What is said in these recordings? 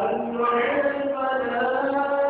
المعين فلا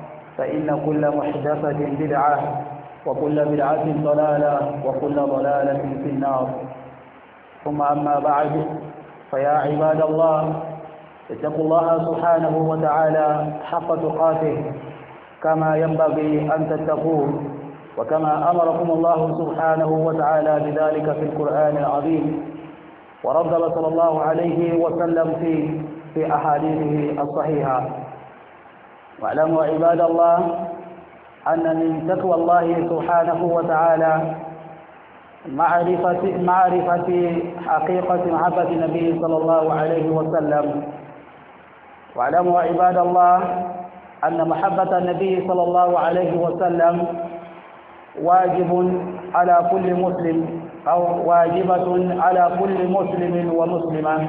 فإن كل محدثة بدعة وكل بدعة ضلالة وكل ضلالة في النار ثم أما بعد فيا عباد الله اتقوا الله سبحانه وتعالى حق تقاته كما ينبغي أن تتقوه وكما أمركم الله سبحانه وتعالى بذلك في القرآن العظيم ورد صلى الله عليه وسلم في في أحاديثه الصحيحة واعلموا عباد الله أن من تقوى الله سبحانه وتعالى معرفة معرفة حقيقة محبة النبي صلى الله عليه وسلم واعلموا عباد الله أن محبة النبي صلى الله عليه وسلم واجب على كل مسلم أو واجبة على كل مسلم ومسلمة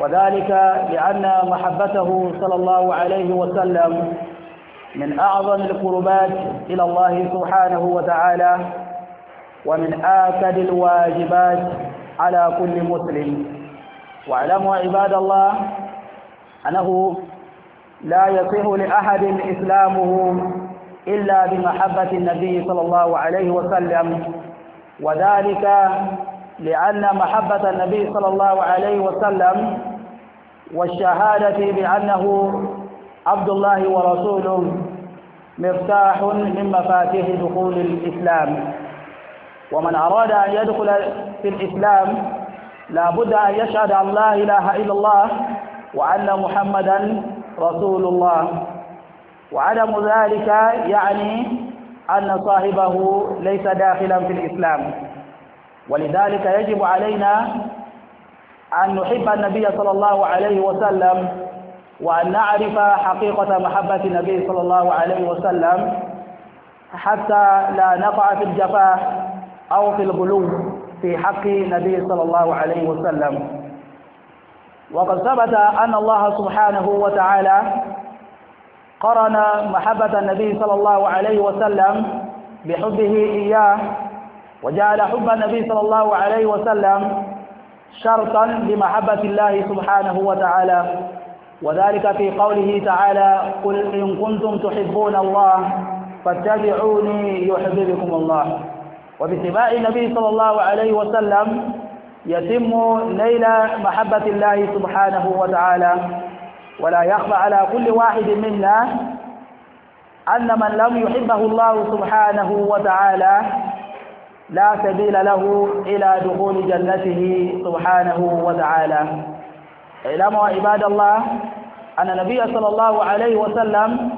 وذلك لأن محبته صلى الله عليه وسلم من أعظم القربات إلى الله سبحانه وتعالى ومن آكد الواجبات على كل مسلم واعلموا عباد الله أنه لا يصح لأحد إسلامه إلا بمحبة النبي صلى الله عليه وسلم وذلك لأن محبة النبي صلى الله عليه وسلم والشهادة بأنه عبد الله ورسوله مفتاح من مفاتيح دخول الإسلام ومن أراد أن يدخل في الإسلام لا بد أن يشهد أن لا إله إلا الله وأن محمدا رسول الله وعدم ذلك يعني أن صاحبه ليس داخلا في الإسلام ولذلك يجب علينا أن نحب النبي صلى الله عليه وسلم وأن نعرف حقيقة محبة النبي صلى الله عليه وسلم حتى لا نقع في الجفاء أو في الغلو في حق النبي صلى الله عليه وسلم وقد ثبت أن الله سبحانه وتعالى قرن محبة النبي صلى الله عليه وسلم بحبه إياه وجعل حب النبي صلى الله عليه وسلم شرطا لمحبة الله سبحانه وتعالى وذلك في قوله تعالى قل إن كنتم تحبون الله فاتبعوني يحببكم الله وباتباع النبي صلى الله عليه وسلم يتم نيل محبة الله سبحانه وتعالى ولا يخفى على كل واحد منا أن من لم يحبه الله سبحانه وتعالى لا سبيل له إلى دخول جنته سبحانه وتعالى اعلموا عباد الله أن النبي صلى الله عليه وسلم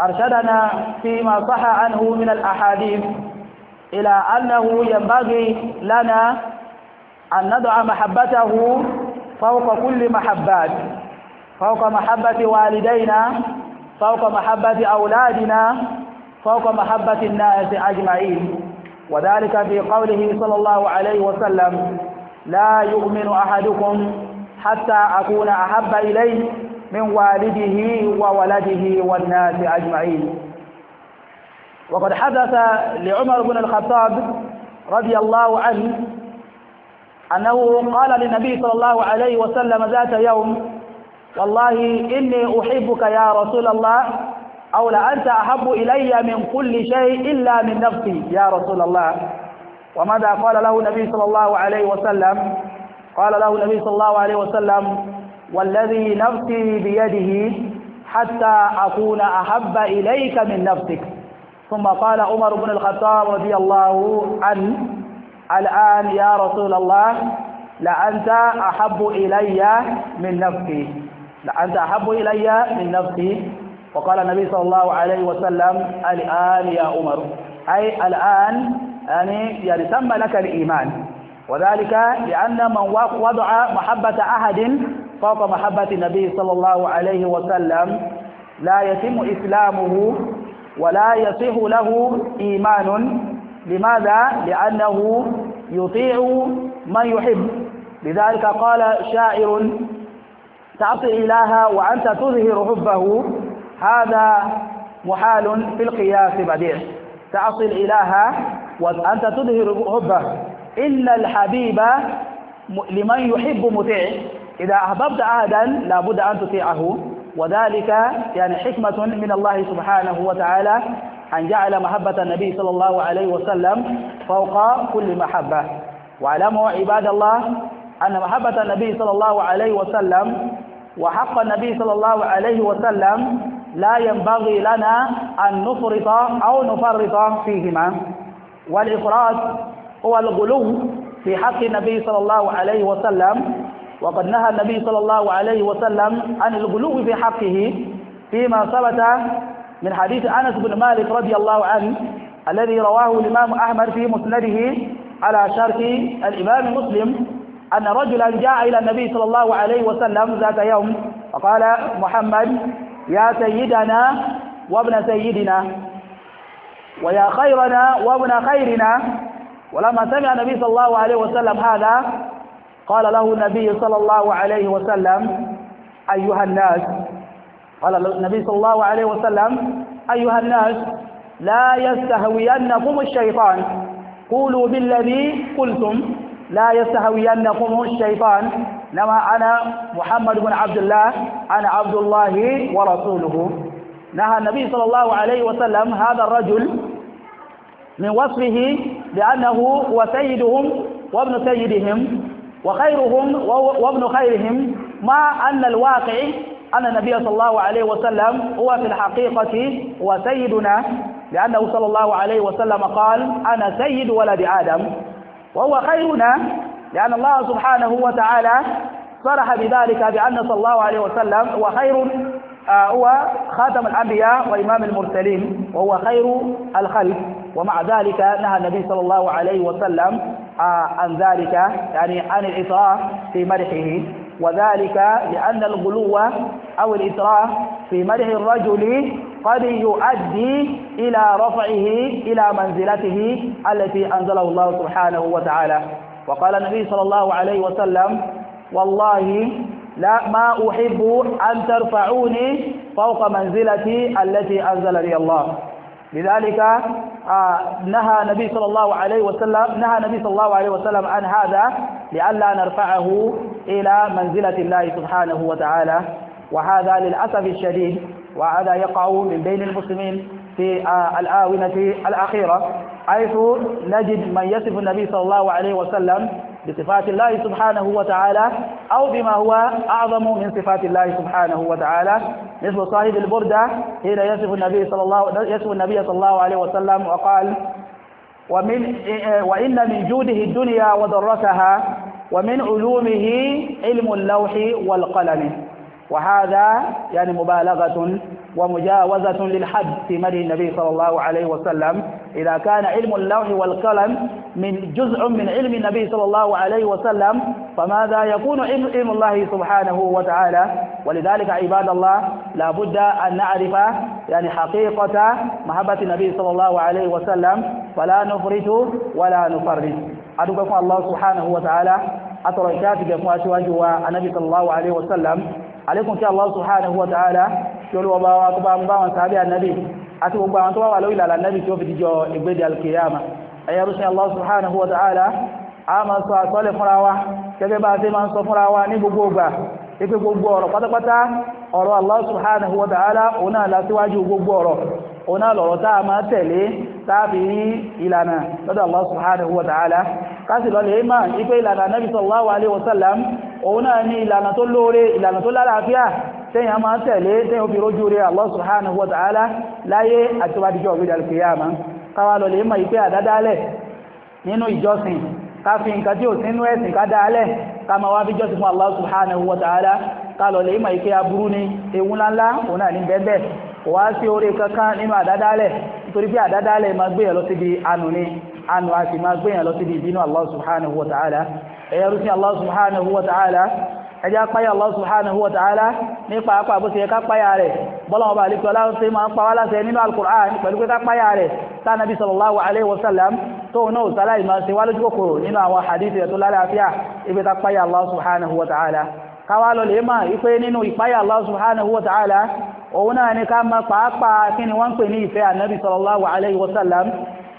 أرشدنا فيما صح عنه من الأحاديث إلى أنه ينبغي لنا أن ندع محبته فوق كل محبات فوق محبة والدينا فوق محبة أولادنا فوق محبة الناس أجمعين وذلك في قوله صلى الله عليه وسلم لا يؤمن أحدكم حتى أكون أحب إليه من والده وولده والناس أجمعين وقد حدث لعمر بن الخطاب رضي الله عنه أنه قال للنبي صلى الله عليه وسلم ذات يوم والله إني أحبك يا رسول الله أو لأنت أحب إلي من كل شيء إلا من نفسي يا رسول الله وماذا قال له النبي صلى الله عليه وسلم قال له النبي صلى الله عليه وسلم والذي نفسي بيده حتى أكون أحب إليك من نفسك ثم قال عمر بن الخطاب رضي الله عنه الآن يا رسول الله لأنت أحب إلي من نفسي لأنت أحب إلي من نفسي وقال النبي صلى الله عليه وسلم الآن يا عمر أي الآن يعني, يعني تم لك الإيمان وذلك لأن من وضع محبة أحد فوق محبة النبي صلى الله عليه وسلم لا يتم إسلامه ولا يصح له إيمان لماذا؟ لأنه يطيع من يحب لذلك قال شاعر تعطي إلها وأنت تظهر حبه هذا محال في القياس بديع تعصي الإله وأنت تظهر حبه إن الحبيب لمن يحب مطيع إذا أحببت أحدا لابد أن تطيعه وذلك يعني حكمة من الله سبحانه وتعالى أن جعل محبة النبي صلى الله عليه وسلم فوق كل محبة واعلموا عباد الله أن محبة النبي صلى الله عليه وسلم وحق النبي صلى الله عليه وسلم لا ينبغي لنا أن نفرط أو نفرط فيهما والإفراط هو الغلو في حق النبي صلى الله عليه وسلم وقد نهى النبي صلى الله عليه وسلم عن الغلو في حقه فيما ثبت من حديث أنس بن مالك رضي الله عنه الذي رواه الإمام أحمد في مسنده على شرط الإمام مسلم أن رجلا جاء إلى النبي صلى الله عليه وسلم ذات يوم فقال محمد يا سيدنا وابن سيدنا ويا خيرنا وابن خيرنا ولما سمع النبي صلى الله عليه وسلم هذا قال له النبي صلى الله عليه وسلم أيها الناس قال النبي صلى الله عليه وسلم أيها الناس لا يستهوينكم الشيطان قولوا بالذي قلتم لا يستهوينكم الشيطان إنما أنا محمد بن عبد الله أنا عبد الله ورسوله نهى النبي صلى الله عليه وسلم هذا الرجل من وصفه بأنه هو سيدهم وابن سيدهم وخيرهم وابن خيرهم ما أن الواقع أن النبي صلى الله عليه وسلم هو في الحقيقة هو سيدنا لأنه صلى الله عليه وسلم قال أنا سيد ولد آدم وهو خيرنا لأن الله سبحانه وتعالى صرح بذلك بأن صلى الله عليه وسلم هو خير آه، هو خاتم الأنبياء وإمام المرسلين وهو خير الخلق ومع ذلك نهى النبي صلى الله عليه وسلم آه، عن ذلك يعني عن الإسراف في مدحه وذلك لأن الغلو أو الإسراف في مدح الرجل قد يؤدي إلى رفعه إلى منزلته التي أنزله الله سبحانه وتعالى وقال النبي صلى الله عليه وسلم والله لا ما أحب أن ترفعوني فوق منزلتي التي أنزل لي الله لذلك آه، نهى النبي صلى الله عليه وسلم نهى النبي صلى الله عليه وسلم عن هذا لئلا نرفعه إلى منزلة الله سبحانه وتعالى وهذا للأسف الشديد وهذا يقع من بين المسلمين في آه، الآونة الأخيرة حيث نجد من يصف النبي صلى الله عليه وسلم بصفات الله سبحانه وتعالى أو بما هو أعظم من صفات الله سبحانه وتعالى مثل صاحب البردة حين يصف النبي صلى الله يصف النبي صلى الله عليه وسلم وقال ومن وإن من جوده الدنيا وضرتها ومن علومه علم اللوح والقلم وهذا يعني مبالغة ومجاوزة للحد في مدح النبي صلى الله عليه وسلم إذا كان علم اللوح والقلم من جزء من علم النبي صلى الله عليه وسلم فماذا يكون علم الله سبحانه وتعالى ولذلك عباد الله لا بد أن نعرف يعني حقيقة محبة النبي صلى الله عليه وسلم فلا نفرط ولا نفرط أدوكم الله سبحانه وتعالى أترى الشافق فواتواجه النبي صلى الله عليه وسلم àlékún tí Allah subhanahu wa ta'ala tí olúwa bá wá tó bá ń bá wọn sábẹ́ ànábì àti gbogbo àwọn tó wà wà lórí ìlànà ànábì tí ó fi dijọ́ ìgbéde alkiyama ẹ̀yà rúṣin Allah subhanahu wa ta'ala a máa sọ àsọ́lẹ̀ fúnra wa gẹ́gẹ́ bá a ti máa ń sọ fúnra wa ní gbogbo ìgbà ipe gbogbo ọ̀rọ̀ pátápátá ọ̀rọ̀ Allah subhanahu wa ta'ala òun náà lásíwájú gbogbo ọ̀rọ̀ òun náà lọ̀rọ̀ tá a máa tẹ̀lé tàbí rí Allah subhanahu wa ta'ala kásì lọ lè máa ipe ìlànà nabi sallallahu alaihi wasallam òun náà ní ìlànà tó lóore ìlànà tó lálàáfíà tẹ́yàn máa tẹ̀lé tẹ́yàn fi rójú rẹ̀ Allah subhanahu wa ta'ala láyé àti wá díjọ́ ògbé al-qiyama káwà lọ lè mọ̀ ìpé àdádálẹ̀ nínú ìjọsìn ká fi nǹkan tí ò sínú ẹ̀sìn ká dálẹ̀ ká máa wá fi jọ́sìn fún Allah subhanahu wa ta'ala ká lọ lè mọ̀ ìpé aburú ni ewu ńláńlá òun náà ní bẹ́ẹ̀ wá sí orí kankan nínú àdádálẹ̀ nítorí pé àdádálẹ̀ máa gbéyàn lọ síbi ànú ni ànú a sì máa gbéyàn lọ síbi ìbínú Allah subhanahu wa ta'ala ẹ̀yà rúsí Allah subhanahu wa ta'ala ẹjá páyà Allah subhanahu wa ta'ala nípa apá bó ti yẹ ká páyà rẹ̀ bọ́lọ̀wọ́ bá lè pẹ̀lá ṣe máa ń pa wá láṣẹ nínú al-Qur'an pẹ̀lú pé ká páyà rẹ̀ tánàbí sallallahu alaihi wasallam tó náà sálà ìmọ̀ sí wá lójú kòkòrò nínú àwọn hadith rẹ̀ tó lálàáfíà ibi ká páyà Allah subhanahu wa ta'ala káwá lọ lè máa ipé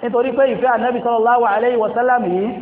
nítorí pé ìfẹ́ ànábì sallallahu yìí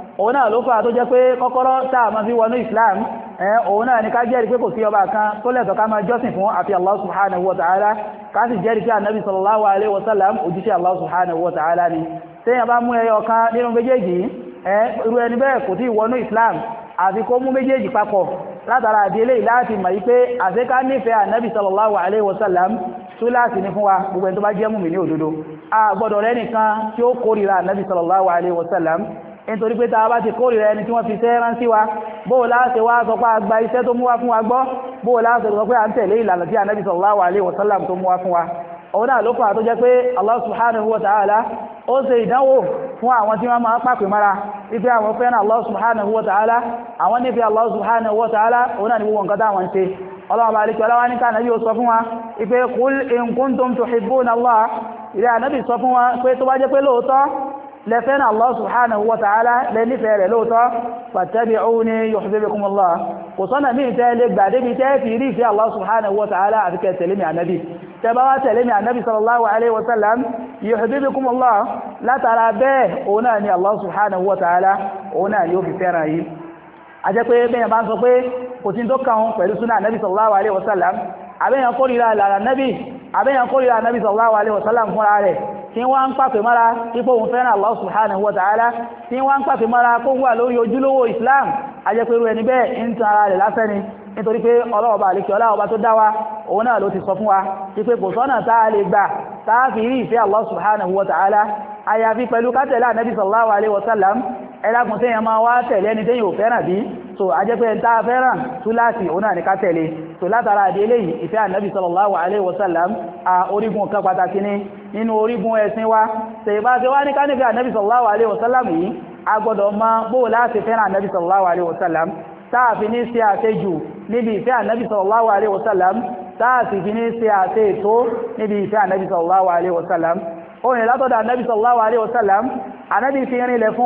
òun náà ló fà tó jẹ́ pé kọ́kọ́rọ́ táà máa fi wọnú Islam òun náà ni ká jẹ́rìí pé kò sí ọba kan tó lẹ́tọ̀ọ́ ká máa jọ́sìn fún àfi Allah subhanahu wa ta'ala ká sì jẹ́rìí pé ànábì sallallahu alaihi wasallam òjíṣẹ́ Allah subhanahu wa ta'ala ni tẹ́yìn bá mú ẹyọ kan nínú méjèèjì irú ẹni bẹ́ẹ̀ kò tí wọnú Islam àfi kó mú méjèèjì papọ̀ látara àdílé láti mọ̀ wípé àṣẹ́ká nífẹ̀ẹ́ ànábì sallallahu alaihi wasallam nítorí pé tàbá ti kórìíra ẹni tí wọ́n fi iṣẹ́ rán sí wa bóò láàṣẹ wá sọ pé àgbà iṣẹ́ tó mú wá fún wa gbọ́ bóò láàṣẹ sọ pé à ń tẹ̀lé ìlànà tí ànábì sallallahu alaihi wasallam tó mú wá fún wa òun náà ló fà tó jẹ́ pé Allah subhanahu wa ta'ala ó ṣe ìdánwò fún àwọn tí wọ́n máa pàpè mara wípé àwọn fẹ́ràn Allah lẹ́fẹ́nà Allah subhanahu wa ta'ala lẹ́nífẹ́ rẹ̀ lóòtọ́ fattabi'uni yuhibbukum Allah kò sọ́nà mí tẹ́ lè gbà débi tẹ́ fi rí ìfẹ́ Allah subhanahu wa ta'ala àti kẹ́ tẹ̀lé mi ànábì tẹ́bá wá sallallahu alaihi wasallam àbẹ́yàn kórìíra ìlànà nẹ́bì àbẹ́yàn kórìíra nẹ́bì sallallahu alaihi wasallam fúnra rẹ̀ tí wọ́n ń pàpè mọ́ra ipò òun fẹ́ràn Allah subhanahu wa ta'ala tí wọ́n ń pàpè mọ́ra kó wà lórí ojúlówó Islam ajẹ́pẹ̀rú ẹni bẹ́ẹ̀ ń tan ara rẹ̀ lásán ni nítorí pé ọlọ́ọ̀bà àlekẹ́ ọlọ́ọ̀bà tó dá wa òun náà ló ti sọ fún wa ti pé kò sọ́nà táà lè gbà táà fi rí ìfẹ́ Allah subhanahu wa ta'ala àyàfi pẹ̀lú kátẹ̀lá nẹ́bí sallallahu alaihi wasallam ẹlákùn tẹ́yàn máa wá tẹ̀lé ẹni ò fẹ́ràn bí so ajẹ́pẹ́ tá a fẹ́ràn túláàsì òun náà ní ká tẹ̀lé so látara àdé eléyìí ìfẹ́ ànábì sallallahu alaihi wasallam a orígun kan pàtàkì ní nínú orígun ẹ̀sìn wa tẹ̀yìnbá tí wá ní ká nífẹ́ ànábì sallallahu alaihi wasallam yìí a gbọ́dọ̀ mọ bóò láti fẹ́ràn ànábì sallallahu alaihi wasallam táàfi ní ṣe àṣejù níbi ìfẹ́ ànábì sallallahu alaihi wasallam táàfi fi ní ṣe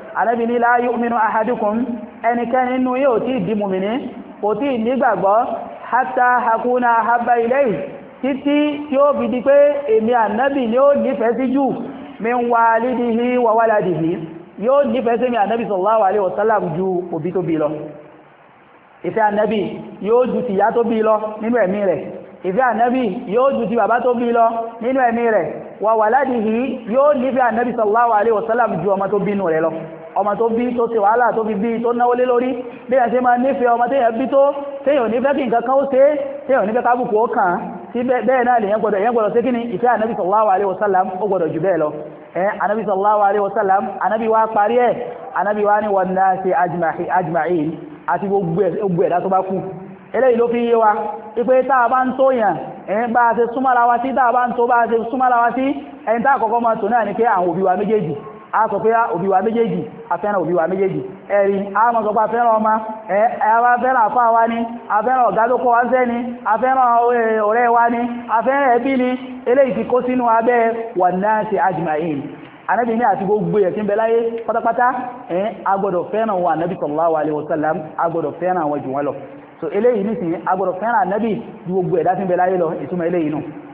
Ànábì ní la yu'minu ahadukum ẹnikẹ́ni nínú yóò tí di mùmìnì kò tí nígbàgbọ́ hatta hakuna habba ilayhi títí yóò fi di pé èmi Ànábì ni ó nífẹ̀ẹ́ sí jù min walidihi wa waladihi yóò nífẹ̀ẹ́ sí mi Ànábì sallallahu alaihi wasallam ju ọmọ tó bínú rẹ̀ lọ ọmọ tó bí tó ṣe wàhálà tó fi bí tó náwó lé lórí bí ẹ̀ ṣe máa nífẹ̀ẹ́ ọmọ téèyàn bí tó téèyàn nífẹ̀ẹ́ kí nǹkan kan ó ṣe téèyàn nífẹ̀ẹ́ kábùkù ó kàn sí bẹ́ẹ̀ náà lèyàn gbọdọ̀ èyàn gbọdọ̀ ṣe kí ni ìfẹ́ ànábì sallallahu alaihi wasallam ó gbọdọ̀ jù bẹ́ẹ̀ lọ ẹ̀ ànábì sallallahu alaihi wasallam ànábì wa parí ẹ̀ ànábì wa ni wan nasi ajma'in àti gbogbo ẹ̀dá tó bá kú eléyìí ló fi yé wa ipé táà bá ń tó yàn ẹ̀yìn bá ṣe súnmọ́ra wa sí táà bá ń tó bá ṣe súnmọ́ra wa sí ẹ̀yìn táà kọ́kọ́ máa tò náà ní pé àwọn òbí wa méjèèjì a sọ pé ah, òbí wa méjèèjì afẹ́ràn eri wa méjèèjì ẹ̀rí a mọ̀ sọ pé afẹ́ràn ọmọ afẹ́ràn àfá wa ni afẹ́ràn ọ̀gá tó kọ́ ni afẹ́ràn ọ̀rẹ́ wa ni afẹ́ràn ẹbí ni eléyìí ti kó sínú abẹ́ wan-nasi ajma'in anabi so anabi gbogbo ẹ̀dá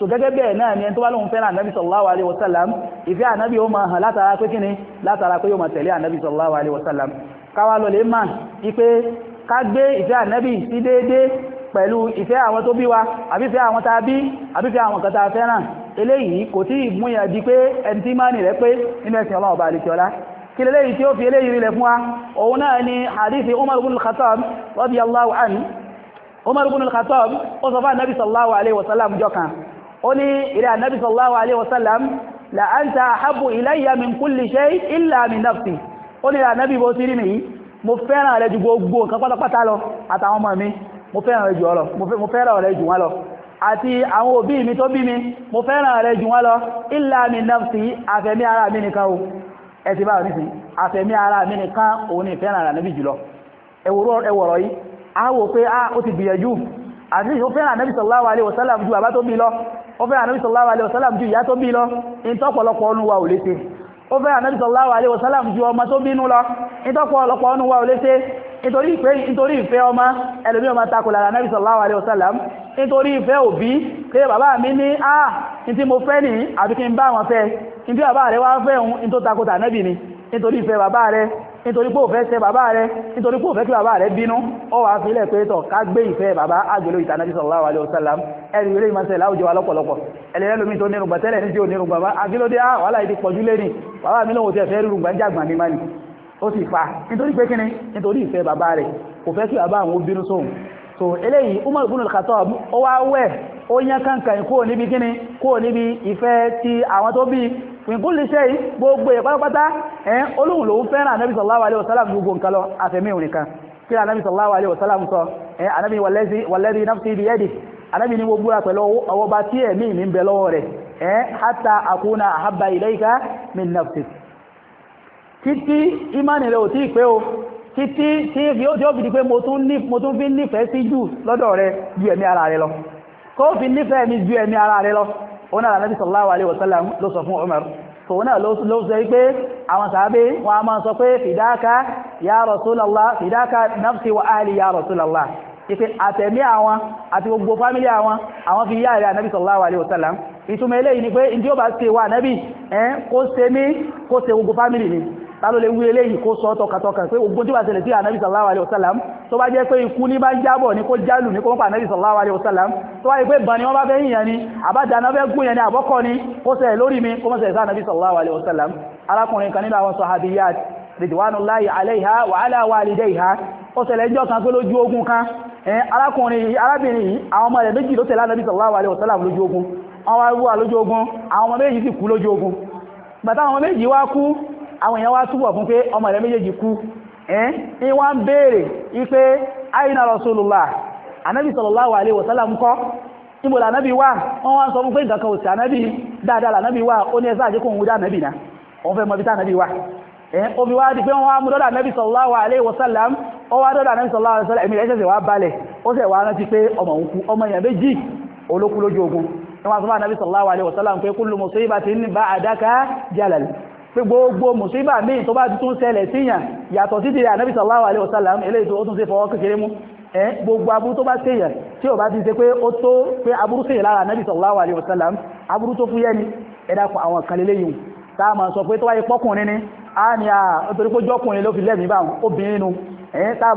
so gẹ́gẹ́ bẹ́ẹ̀ náà ni ẹni tó bá lóun fẹ́ràn ànábì sallallahu alaihi wasallam ìfẹ́ ànábì ó máa hàn látara pé kíni látara pé yóò máa tẹ̀lé ànábì sallallahu alaihi wasallam lọ lè mà ipe ká gbé ìfẹ́ ànábì sí déédéé pẹ̀lú ìfẹ́ àwọn tó bí wa àbífẹ́ àwọn tá a bí àbífẹ́ àwọn kan tá a fẹ́ràn eléyìí kò tí ì múyàn di pé ẹni tí máa nì pé nínú ẹ̀sìn ọlọ́run ọba kí lélẹ́yìí tí ó fi eléyìí rí lẹ̀ fún wa òun náà ni hadith umar ibn al-khattab radiyallahu anhu umar ibn al-khattab ó sọ fún anabi sallallahu alayhi wa sallam jọ kan ó ní ilẹ̀ ànábì sallallahu alaihi wasallam la anta ahabbu ilayya min kulli shay illa min nafsi ó ní ilẹ̀ ànábì bó ti rí nìyí mo fẹ́ràn rẹ ju gbogbo nǹkan pátápátá lọ àtàwọn ọmọ mi mo fẹ́ràn rẹ jù ọ lọ mo fẹ́ràn rẹ jù wọ́n lọ àti àwọn òbí mi tó bí mi mo fẹ́ràn rẹ jù wọ́n lọ illa min nafsi àfẹ̀mí ara mi nìkan o ẹ̀sì bá ní sí àfẹ̀mí ara mi nìkan òun ni ìfẹ́ràn rẹ̀ níbi jùlọ ẹ̀wọ̀rọ̀ yìí a wò pé ah, ó ti gbìyànjú àti ó fẹ́ràn ànábì sallallahu alaihi wasallam ju bàbá tó bí lọ ó fẹ́ràn ànábì sallallahu alaihi wasallam ju ìyá tó bí lọ ìtọ́pọ̀lọpọ̀ ọnù wa ò lè ṣe ó fẹ́ràn ànábì sallallahu alaihi wasallam ju ọmọ tó bínú lọ ìtọ́pọ̀lọpọ̀ ọnù wa ò lè ṣe nítorí ìfẹ́ ọmọ ẹlòmí ọmọ takò lára ànábì sallallahu alaihi nítorí ìfẹ́ òbí pé bàbá mi ní àà ah, tí mo fẹ́ ní àbí kí bá wọn fẹ́ ní bàbá rẹ̀ wá fẹ́ òun tó takò tànábì ni nítorí ìfẹ́ bàbá rẹ̀ nítorí pé òfẹ́ ṣe bàbá rẹ̀ nítorí pé òfẹ́ kí bàbá rẹ̀ bínú ọ wà fílẹ̀ pé tọ̀ ká gbé ìfẹ́ bàbá àgbèlò ìtànà bí sallallahu alaihi wasallam ẹ̀rì ilé ìmọ̀sẹ̀ láwùjọ wa lọ́pọ̀lọpọ̀ ẹlẹ́rẹ́ lómi tó nírùngbà tẹ́lẹ̀ ní tí ò nírùngbà bá agílódé á ah, wàhálà ìdí pọ̀jú lé ní bàbá mi lóhun ti ẹ̀fẹ́ rírùngbà so eléyìí Umar ibn al-Khattab ó wá wẹ̀ ó yán kankan kúrò níbi kíni kúrò fìkúlì ṣe yìí gbogbo ẹ̀ pátápátá ẹ̀ olóhùn lòún fẹ́ràn anábì sallallahu alaihi wasallam gbogbo nǹkan lọ àfẹ́mí nìkan kí ni anábì sallallahu alaihi wasallam sọ ẹ̀ anábì walladhi nafsi biyadihi anábì ní gbogbo rà pẹ̀lú ọwọ́ bá tí ẹ̀mí mi ń bẹ lọ́wọ́ rẹ̀ ẹ̀ hatta akuna ahabba ilayka min nafsi títí ìmánì rẹ̀ ò tí ì pé o títí tí yóò fi di pé ó náà Ànábì sallallahu alaihi wasallam ló sọ fún Umar tòun náà ló sọ pé àwọn sàábé wọn a máa sọ pé fìdáka ya Rasulullah fìdáka nafsi wa ahli ya Rasulullah ipe àtẹ̀mí àwọn àti gbogbo fámílì àwọn àwọn fi yá rẹ̀ ànábì sallallahu alaihi wasallam ìtumọ̀ eléyìí ni pé ìdí ó bá ṣe wà ànábì ẹ́ kó ṣe mí kó ṣe gbogbo fámílì ni ta ló lè wí eléyìí kó sọ tọkàtọkà pé ogun tí wà tẹ̀lẹ̀ sí ànábì sallallahu alaihi wasallam tó bá jẹ́ pé ikú ní bá jábọ̀ ní kó jálù ní kó pa ànábì sallallahu alaihi wasallam tó wáyé pé bani wọ́n bá fẹ́ yìnyàn ni àbájáná fẹ́ gún yẹn ni àbọ́kọ́ ni kó sẹ̀ lórí mi kó mọ́sẹ̀ sí ànábì sallallahu alaihi wasallam arákùnrin kan nínú àwọn sahabiyat ala walidayha ó ṣẹlẹ̀ jọ́ kan pé lójú ogun kan arákùnrin arábìnrin yìí àwọn ọmọ rẹ̀ méjì ló tẹ̀lé ànábì sallallahu àwọn méjì wá kú àwọn èèyàn wá túbọ̀ fún pé ọmọ rẹ̀ méjèèjì kú ẹ́n ní wọ́n ń béèrè wípé àìnà Rasulullah anábì sallallahu alaihi wasallam ńkọ́ níbo lànábì wà wọ́n wá ń sọ fún pé nǹkan kan ò sí ànábì dáadáa lànábì wà ó ní ẹsẹ́ àjẹkùn òun dá ànábì náà òun fẹ́ mọ ibi tá omi wá di pé wọ́n wá mú dọ́dà nẹ́bí sallallahu alaihi wasallam pé gbogbo mùsùlùmí míì tó bá ti tún ṣẹlẹ̀ síyàn yàtọ̀ sí ti rẹ̀ ànábì sallallahu alaihi wasallam eléyìí tó tún ṣe fọwọ́ kékeré mú ẹ gbogbo aburú tó bá ṣèyàn tí ò bá ti ṣe pé ó tó pé aburú ṣèyàn lára ànábì sallallahu alaihi wasallam aburú tó fúyẹ́ ni ẹ àwọn kan lélẹ́yìn tá a máa sọ pé tó wáyé pọ́kùnrin ni a ní a torí pé jọ́kùnrin ló fi lẹ́mìí bá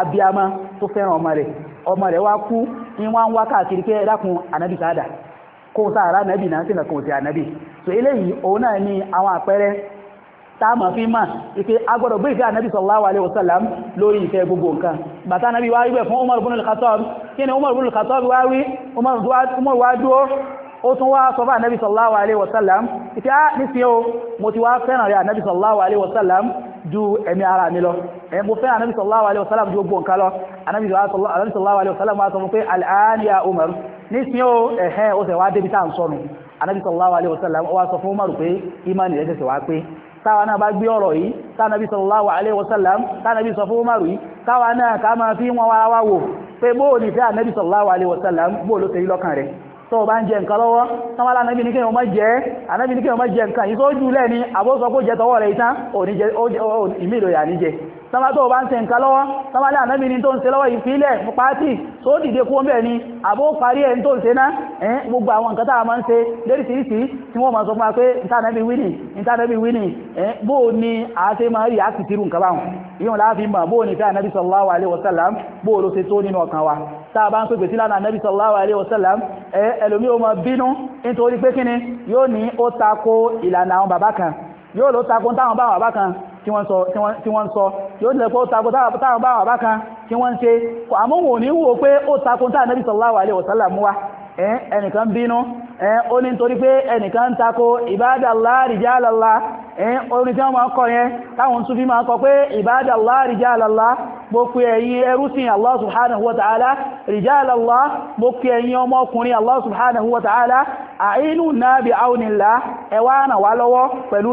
abiyama tó fẹ́ràn ọmọ rẹ̀ ọmọ rẹ̀ wá kú kó sáàrá nẹ́bì náà sí ìlẹ̀kùn òtí ànẹ́bì so eléyìí òun náà ni àwọn àpẹẹrẹ táàmà fi mà ike agbọ́dọ̀ gbé ìfẹ́ ànẹ́bì sallallahu alaihi wasallam lórí ìfẹ́ gbogbo nǹkan bàtà ànẹ́bì wá Umar ibn al-Khattab Umar ibn Umar wá ó tún wá sọ bá ànábì sallallahu alaihi wasallam ìfẹ́ á ah, nífin o mo ti wá fẹ́ràn rẹ̀ ànábì sallallahu alaihi wasallam ju ẹ̀mí ara mi lọ mo fẹ́ràn ànábì sallallahu alaihi wasallam ju gbogbo nǹkan lọ ànábì sallallahu alaihi wasallam wá sọ fún pé al'an ya umar nífin o ẹ̀hẹ́ ó sẹ̀ wá débi tá à ń sọnù ànábì sallallahu alaihi wasallam ó wá sọ fún umar pé imani rẹ̀ sẹ̀ wá pé táwa náà bá gbé ọ̀rọ̀ yìí tánàbí sallallahu alaihi tánàbí sọ fún umaru yìí táwa náà ká máa fi wọn wá pé bóò ní fẹ́ ànábì sallallahu alaihi bóò ló tẹ̀yí lọ́kàn rẹ̀ tó bá ń jẹ nǹkan lọ́wọ́ tánwàlá anábì ní kíyàn mọ́ jẹ́ anábì ní kíyàn mọ́ jẹ nǹkan yìí tó jù lẹ́ ní àbóso kó jẹ tọwọ́ rẹ̀ ìtàn ìmìlòyà níjẹ tánwà tó bá ń ṣe nǹkan lọ́wọ́ tánwàlá anábì ní tó ń ṣe lọ́wọ́ ìfilẹ̀ pàtì tó dìde kú ọmọ ẹni àbó parí ẹni tó ń ṣe náà ẹ̀yìn gbogbo àwọn nǹkan táà máa ń ṣe lóríṣiríṣi tí wọ́n máa sọ fún wa pé ìtànẹ́bí wíní ìtànẹ́bí wíní ẹ̀yìn bó ni a ṣe máa rí àkìtìrù nǹkan báwọn yíò láàfin tá ń pèpè sí lánàá nẹ́bí sallallahu alaihi wasallam ẹlòmí ó máa bínú nítorí pé kíni yóò ní ó tako ìlànà àwọn bàbá kan yóò ló tako táwọn bá bàbá kan tí wọ́n sọ yóò nílẹ̀ pé ó tako táwọn bá bàbá kan tí wọ́n ń ṣe àmọ́ ní wò pé ó tako táwọn nẹ́bí sallallahu alaihi wasallam wá Eh, ẹnìkan bínú eh, ó ní torí pé ẹnìkan ń tako ìbádàlá rìjálàlá eh, orin tí wọ́n máa kọ yẹn táwọn tún fi máa kọ pé ìbádàlá rìjálàlá gbókú ẹ̀yin ẹrúsìn Allah subhanahu wa ta'ala rìjálàlá gbókú ọmọkùnrin Allah àínú náà áunilá ẹwà ràn wá lọ́wọ́ pẹ̀lú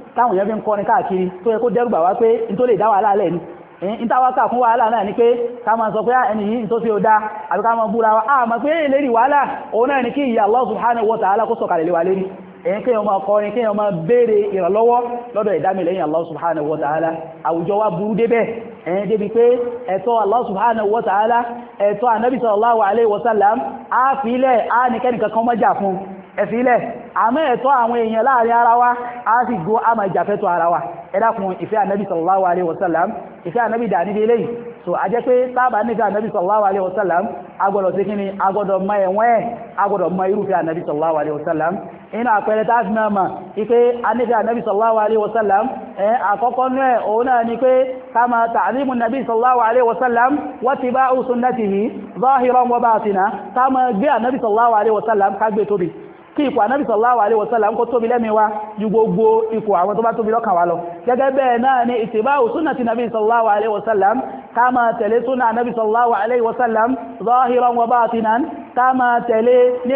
táwọn èèyàn fi ń kọrin káàkiri tó yẹ kó dẹ́rùbà wá pé n tó lè dá wàhálà lẹ̀ ni ìtawákà fún wàhálà náà ni pé ká máa sọ pé ah, ẹni yìí tó sí ó dá àbí ká máa búra wa a mọ̀ pé ìlérí wàhálà òun náà ni kí ìyà Allah subhanahu wa ta'ala kó sọ̀kalẹ̀ lé wa lérí èyí kí ọmọ ọkọrin kí ọmọ béèrè ìrànlọ́wọ́ lọ́dọ̀ ìdámi lẹ́yìn ẹ̀yìn débi pé ẹ̀tọ́ ẹ̀fílẹ̀ àmọ́ ẹ̀tọ́ àwọn èèyàn láàrin ara wa a sì gbó a máa jàfẹ́tọ̀ ara wa ẹ dákun ìfẹ́ ànábì sallallahu alaihi wasallam ìfẹ́ ànábì dà níbi so a jẹ́ pé sábà nífẹ́ ànábì sallallahu alaihi wasallam agbọ́dọ̀ sí kí ni agbọ́dọ̀ mọ ẹ̀wọ́n ẹ̀ agbọ́dọ̀ mọ irúfẹ́ ànábì sallallahu alaihi wasallam inú àpẹẹrẹ tá fi máa ipé anífẹ́ ànábì sallallahu alaihi wasallam ẹ àkọ́kọ́ ní ẹ̀ òun náà ni pé ká máa ta'limu nàbí sallallahu alaihi wasallam wa tiba'u sunnatihi zahiran wa batina kí ipò anábì sallallahu alaihi wasallam ń kó tóbi lẹ́mi wa ju gbogbo ipò àwọn tó bá tóbi lọ́kàn wa lọ gẹ́gẹ́ bẹ́ẹ̀ náà ni ìtìbáwò súnà ti nàbí sallallahu alaihi wasallam ká máa tẹ̀lé súnà anábì sallallahu alaihi wasallam zahiran wa batinan ká máa tẹ̀lé ní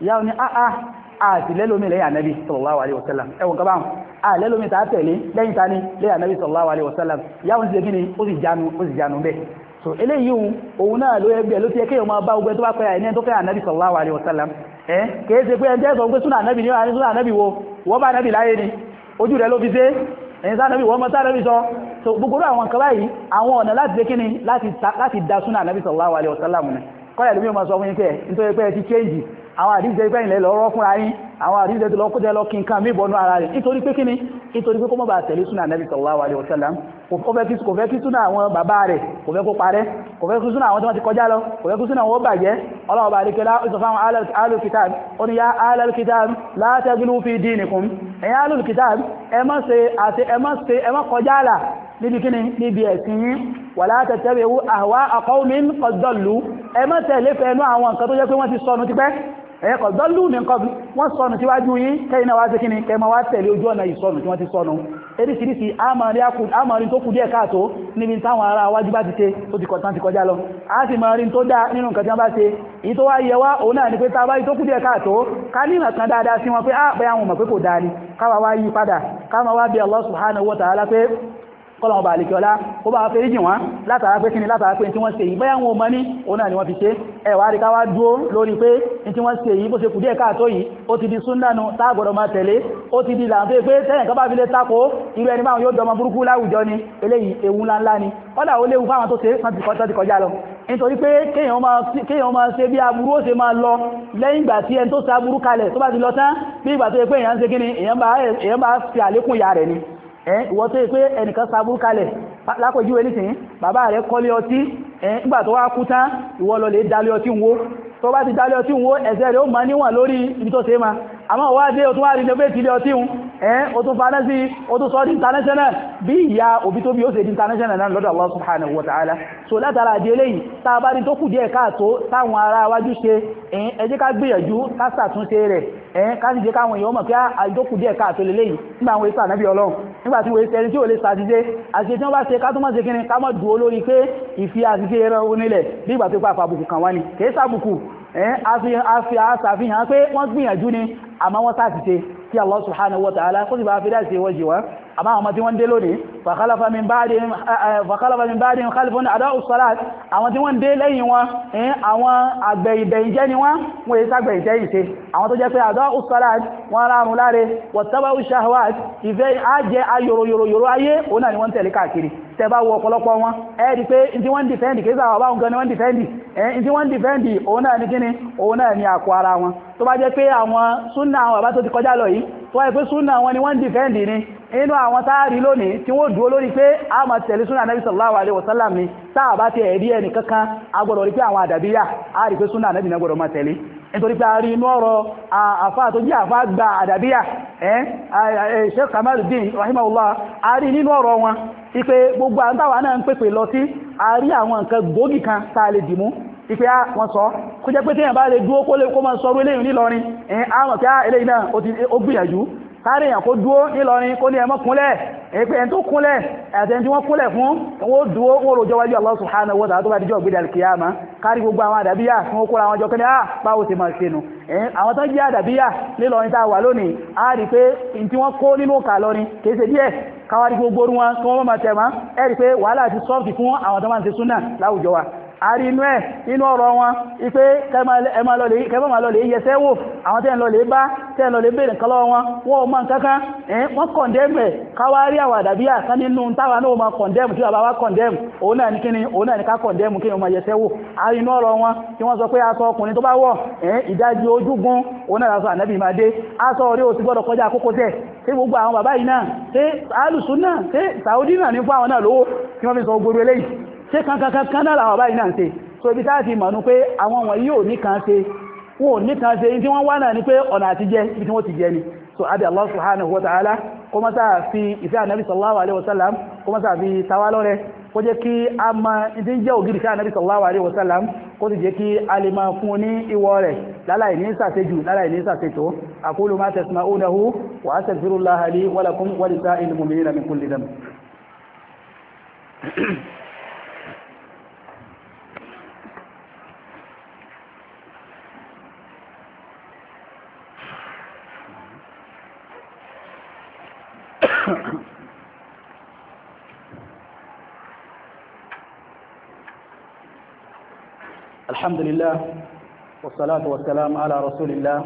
ìyá ni àà ah, àtìlẹ́lómi ah, lẹ́yìn ànábì sallallahu alaihi wasallam ẹwọ̀n kaba àlẹ́lómi tàà tẹ̀lé lẹ́yìn tani lẹ́yìn ànábì sallallahu alaihi wasallam ìyá wọn ti ṣe kíni ó sì jánu ó sì jánu bẹ́ẹ̀ so eléyìí òun náà ló ẹgbẹ́ ló ti ẹkẹ́ ìwọ̀n bá ogun tó bá pẹ́ àìní tó sallallahu alaihi wasallam ẹ kìí ṣe pé ẹjẹ́ sọ pé súnà ànábì ní wàá súnà ànábì wo wọ́n bá ànábì láyé ni ojú rẹ̀ ló fi ṣe ẹ̀yìn sánàbì wọ́n mọ́ sánàbì sọ so gbogbo àwọn nǹkan báyìí àwọn ọ̀nà láti ṣe kíni láti da súnà ànábì sallallahu alaihi wasallam ni kọ́lẹ̀ lómi ọmọ sọ fún yín pé nítorí pé ẹ ti change àwọn àdíjẹ́ ipẹ́ ìlẹ̀ lọ́rọ́ fúnra yín àwọn àdíjẹ́ tó lọ́kọ́jẹ́ lọ kí nǹkan míbọnú ara rẹ̀ nítorí pé kíni nítorí pé kó mọ́ bá tẹ̀lé súnà nẹ́bí sallallahu alaihi wasallam kò fẹ́ kí súnà àwọn bàbá rẹ̀ kò fẹ́ kó parẹ́ kò fẹ́ kí súnà àwọn tó ti kọjá lọ kò fẹ́ kí súnà àwọn bàjẹ́ ọlọ́wọ́ la taglu fi dinikum ẹ̀yà níbi kíni níbi ẹ̀sìn yín wala tatabi'u ahwa qawmin qad dallu ẹ má tẹ̀lé fẹ́nu àwọn nǹkan tó jẹ́ pé wọ́n ti sọnù tipẹ́ ẹ̀yẹ́kọ̀ dọ́lù ní kọ́bí wọ́n sọnù tí wájú yí kẹ́yìn náà wá sí kíni kẹma wá tẹ̀lé ojú ọ̀nà ìsọnù tí wọ́n ti sọnù eríṣìíríṣìí àmàrin tó kù díẹ̀ káàtó níbi táwọn ará wájú bá ti ṣe tó ti kọ̀tán ti kọjá lọ a sì máa rin tó dá nínú nǹkan tí wọ́n bá ṣe èyí tó wá yẹ wá òun náà ni pé tá a bá yí tó kù díẹ̀ káàtó ká ní ìmọ̀ kan dáadáa sí wọn pé ah, á bẹ́ àwọn mọ̀ pé kò dáa ni káwa wá yí padà ká máa wá bí Allah subhanahu wa ta'ala pé kọ́lọ̀ ọba àlìkọ́lá ó bá fẹ́ ríjì wọn látara pé kíni látara pé tí wọ́n ṣe yìí bóyá wọn mọ́ ní òun náà ni wọ́n fi ṣe ẹwà àríká wá dúó lórí pé tí wọ́n ṣe yìí bó ṣe kù díẹ̀ káàtó yìí ó ti di súndànù tágbọ̀dọ̀ máa tẹ̀lé ó ti di làǹfẹ́ pé tẹ́yìn kan bá fi lè tako irú ẹni báwọn yóò dọmọ burúkú láwùjọ ni eléyìí ewu ńláńlá ni kọ́dà ó ni èèyàn bá fi àlékún ìwọ́n tó yẹ pé ẹnìkan sabú kalẹ̀ lápòjúwe nìsìn bàbá rẹ̀ kọ́lé ọtí nígbà tó wá kú tán ìwọ lọ lè dalé ọtí ń wó tó bá ti dalé ọtí ń wó ẹ̀ṣẹ̀ rẹ̀ ó ma níwọ̀n lórí ibi tó ṣe é ma àmọ́ wá dé o tún wá rí lọ́gbé ìtìlẹ̀ ọtí un ẹ́n o tún fara sí o tún sọ di international bí ìyá òbí tó bí ó ṣe di international náà lọ́dọ̀ Allah subhanahu wa ta'ala so látara àdí eléyìí tá a bá ní tó kù díẹ̀ káàtó táwọn ará wájú ṣe ẹ̀yìn ẹ jẹ́ ká gbìyànjú ká ṣàtúnṣe rẹ̀ ẹ̀yìn ká sì jẹ́ káwọn èèyàn mọ̀ pé àìdókù ah, díẹ̀ káàtó lélẹ́yìn nígbà àwọn èso ànábì ọlọ́run nígbà tí wòye sẹ́ni tí ò lè ṣàtijé àti tí wọ́n bá ṣe ká tó mọ̀ ṣe kí ni ká mọ̀ dúró lórí pé ìfi àṣìṣe rẹ̀ onílẹ̀ bí ìgbà tó pa àfàbùkù kàn àṣàfihàn eh, pé wọ́n gbìyànjú ni àmọ́ wọ́n sáà ti ṣe kí Allah subhanahu wa ta'ala kó sì bá fi dá ìṣe wọ́n jì wá àmá àwọn tí wọ́n dé lónìí fàkálàfà min ba'dihim khalfun ada'u salat àwọn tí wọ́n dé lẹ́yìn wọn ẹ̀yìn àwọn àgbẹ̀ ìbẹ̀yìn jẹ́ ni wọ́n wọ́n yìí sàgbẹ̀ ìtẹ́yìn ṣe àwọn tó jẹ́ pé ada'u salat wọ́n rárun láre wattaba'u shahawat ìfẹ́ ajẹ́ ayòròyòròyòrò ayé òun náà ni wọ́n tẹ̀lé káàkiri tẹba wo ọ̀pọ̀lọpọ̀ wọn ẹ̀rí pé tí wọ́n dìfẹ́ndì kí sáwà báhùn gan ni wọ́n dìfẹ́ndì ẹ̀yìn tí wọ́n dìfẹ́ndì òun náà ní kíni òun náà ní àkó ara wọn tó bá jẹ́ pé àwọn súnà àwọn bàbá tó ti kọjá lọ yìí tó wáyé pé súnà wọn ni wọ́n dìfẹ́ndì ni inú àwọn táàrí lónìí tí wọ́n dúó lórí pé a máa tẹ̀lé súnà náà sallallahu alaihi wasallam ni táà bá ti ẹ̀rí ẹni kankan agbọ́dọ̀ rí pé àwọn àdàbíyà a rí pé súnà náà gbọ́dọ̀ máa tẹ̀lé nítorí pé a rí inú ọ̀rọ̀ àfá tó jẹ́ àfá gba àdàbíyà Sheikh Kamaluddin rahimahullah a rí nínú ọ̀rọ̀ wọn ipe gbogbo àtàwà náà ń pèpè lọ sí a rí àwọn nǹkan gbòógì káàrí èèyàn kó dúó nílọrin kó ní ẹmọ́ kúnlẹ̀ èpè ẹni tó kúnlẹ̀ ẹ̀tẹ́ tí wọ́n kúnlẹ̀ fún wọ́n dúó wọ́n rojọ́ wájú Allah subhanahu wa ta'ala tó bá díjọ́ gbé dàlùkìyàmá káàrí gbogbo àwọn àdàbíyà fún ó kóra ah, àwọn jọ a wà lónìí a rí pé n tí wọ́n kó nínú òkà lọrin kìí ṣe díẹ̀ káwárí gbogbo orú wọn tí wọ́n máa tẹ̀ wọ́n ẹ àrí inú ẹ̀ inú ọ̀rọ̀ wọn ipé kẹfà máa lọlẹ̀ yẹsẹ́ wò àwọn tẹ́ ń lọlẹ̀ bá tẹ́ ń lọlẹ̀ bèèrè nǹkan lọ́wọ́ wọn wọ́n mọ́ nǹkankan ẹ̀yìn wọ́n kọ̀ndẹ́mù ẹ̀ káwá rí àwà àdàbí àká nínú táwa náà máa kọ̀ndẹ́mù tí bàbá wa kọ̀ndẹ́mù òun náà ní kíni òun náà ní ká kọ̀ndẹ́mù kí ni ọmọ yẹsẹ́ wò àrí inú ọ̀rọ̀ wọn tí wọ́n sọ pé aṣọ ọkùnrin tó bá wọ̀ ẹ̀yìn ìdajì ojúgun òun náà lásọ ànábì máa dé aṣọ orí o ti gbọ́dọ̀ kọjá àkókò tẹ̀ tí gbogbo àwọn bàbá yìí náà tí alùsùn náà tí sàúdí náà ní fún àwọn náà lówó tí wọ́n fi sọ gbogbo eléyìí ṣe kankankan náà làwọn báyìí náà ṣe so ibi táà ti mọ̀nú pé àwọn wọ̀nyí ò ní kan ṣe wọn ò ní kan ṣe tí wọ́n wá náà ni pé ọ̀nà àti jẹ ibi tí wọ́n ti jẹ ni so abi Allah subhanahu wa ta'ala kó mọ́ sáà fi ìfẹ́ ànábì sallallahu alaihi wasallam kó mọ́ sáà fi tawá lọ́rẹ́ kó jẹ́ kí a ma ìdí jẹ́ ògiri sí ànábì sallallahu alaihi wasallam kó الحمد لله والصلاة والسلام على رسول الله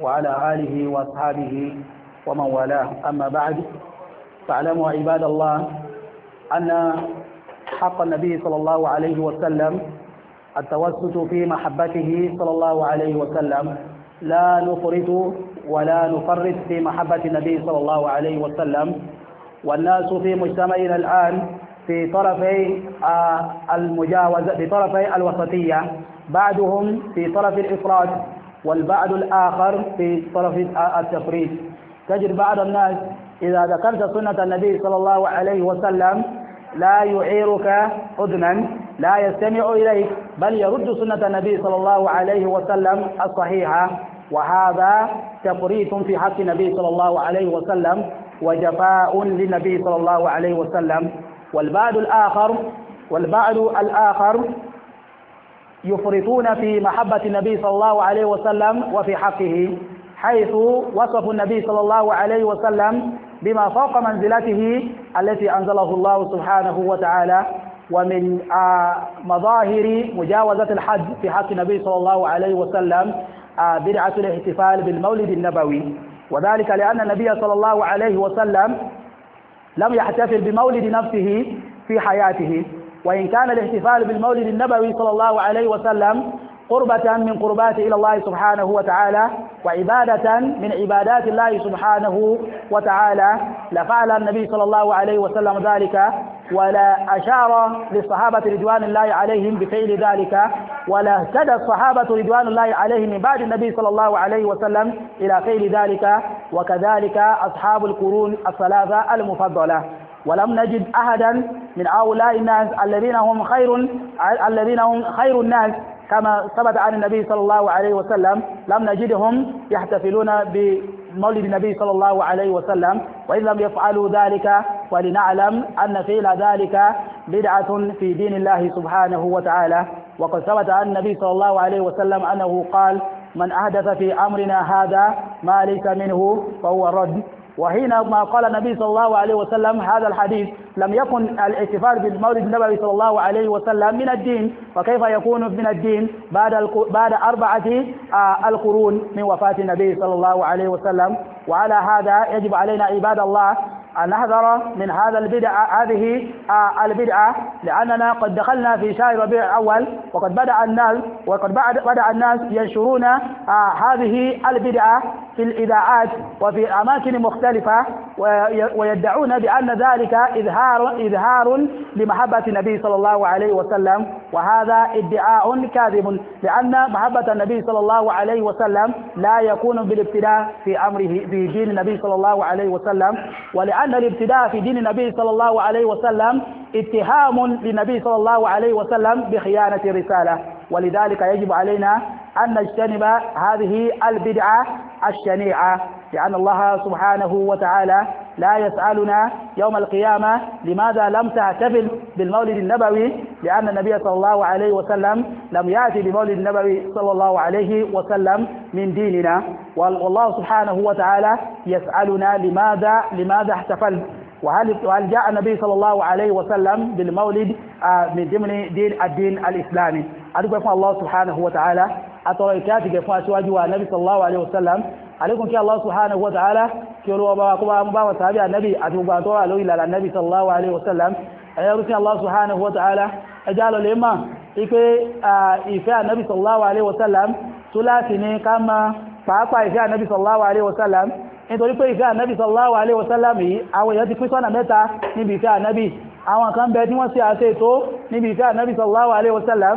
وعلى آله وأصحابه ومن والاه أما بعد فاعلموا عباد الله أن حق النبي صلى الله عليه وسلم التوسط في محبته صلى الله عليه وسلم لا نفرط ولا نفرط في محبة النبي صلى الله عليه وسلم والناس في مجتمعنا الآن في طرفي آه، المجاوزة في طرفي الوسطية بعضهم في طرف الإفراط والبعض الآخر في طرف آه، التفريط تجد بعض الناس إذا ذكرت سنة النبي صلى الله عليه وسلم لا يعيرك أذنا لا يستمع إليك بل يرد سنة النبي صلى الله عليه وسلم الصحيحة وهذا تفريط في حق النبي صلى الله عليه وسلم وجفاء للنبي صلى الله عليه وسلم والبعض الآخر والبعض الآخر يفرطون في محبة النبي صلى الله عليه وسلم وفي حقه حيث وصف النبي صلى الله عليه وسلم بما فوق منزلته التي أنزله الله سبحانه وتعالى ومن آه، مظاهر مجاوزة الحد في حق النبي صلى الله عليه وسلم آه، بدعة الاحتفال بالمولد النبوي وذلك لأن النبي صلى الله عليه وسلم لم يحتفل بمولد نفسه في حياته وإن كان الاحتفال بالمولد النبوي صلى الله عليه وسلم قربة من قربات إلى الله سبحانه وتعالى وعبادة من عبادات الله سبحانه وتعالى لفعل النبي صلى الله عليه وسلم ذلك ولا أشار للصحابة رضوان الله عليهم بفعل ذلك ولا اهتدى الصحابة رضوان الله عليهم من بعد النبي صلى الله عليه وسلم إلى فعل ذلك وكذلك أصحاب القرون الثلاثة المفضلة ولم نجد أحدا من هؤلاء الناس الذين هم خير الذين هم خير الناس كما ثبت عن النبي صلى الله عليه وسلم لم نجدهم يحتفلون بمولد النبي صلى الله عليه وسلم وإن لم يفعلوا ذلك ولنعلم أن فعل ذلك بدعة في دين الله سبحانه وتعالى وقد ثبت عن النبي صلى الله عليه وسلم أنه قال من أحدث في أمرنا هذا ما ليس منه فهو رد وهنا ما قال النبي صلى الله عليه وسلم هذا الحديث لم يكن الاحتفال بالمولد النبوي صلى الله عليه وسلم من الدين فكيف يكون من الدين بعد بعد أربعة آه، القرون من وفاة النبي صلى الله عليه وسلم وعلى هذا يجب علينا عباد الله أن نحذر من هذا البدعة هذه آه، البدعة لأننا قد دخلنا في شهر ربيع الأول وقد بدأ الناس وقد بدأ الناس ينشرون آه، هذه البدعة في الإذاعات وفي أماكن مختلفة ويدعون بأن ذلك إظهار إظهار لمحبة النبي صلى الله عليه وسلم وهذا ادعاء كاذب لأن محبة النبي صلى الله عليه وسلم لا يكون بالابتداء في أمره في دين النبي صلى الله عليه وسلم ولأن الابتداء في دين النبي صلى الله عليه وسلم اتهام للنبي صلى الله عليه وسلم بخيانة الرسالة ولذلك يجب علينا أن نجتنب هذه البدعة الشنيعة لأن الله سبحانه وتعالى لا يسألنا يوم القيامة لماذا لم تحتفل بالمولد النبوي لأن النبي صلى الله عليه وسلم لم يأتي بمولد النبوي صلى الله عليه وسلم من ديننا والله سبحانه وتعالى يسألنا لماذا لماذا احتفلت وهل جاء النبي صلى الله عليه وسلم بالمولد آه، من ضمن دين الدين الإسلامي أدعو الله سبحانه وتعالى àtọrọ ìkẹ́ àti gẹ̀ fún aṣíwájú wa nabi sallallahu alaihi wasallam alaikum kí allah subhanahu wa ta'ala kí olúwa bá wa kó bá mú bá wa sàábí ànábì àti gbogbo àtọrọ àlórí ìlànà nabi sallallahu alaihi wasallam ẹ̀yẹ rúsí allah subhanahu wa ta'ala ẹjá lọ lè mà ipe ìfẹ́ ànábì sallallahu alaihi wasallam tó láti ní ká ma pàápàá ìfẹ́ ànábì sallallahu alaihi wasallam nítorí pé ìfẹ́ ànábì sallallahu alaihi wasallam yìí àwọn èèyàn ti pín sọ́nà mẹ́ta níbi ìfẹ́ ànábì àwọn kan bẹ tí wọ́n ṣe àṣẹ ètò níbi ìfẹ́ ànábì sallallahu alaihi wasallam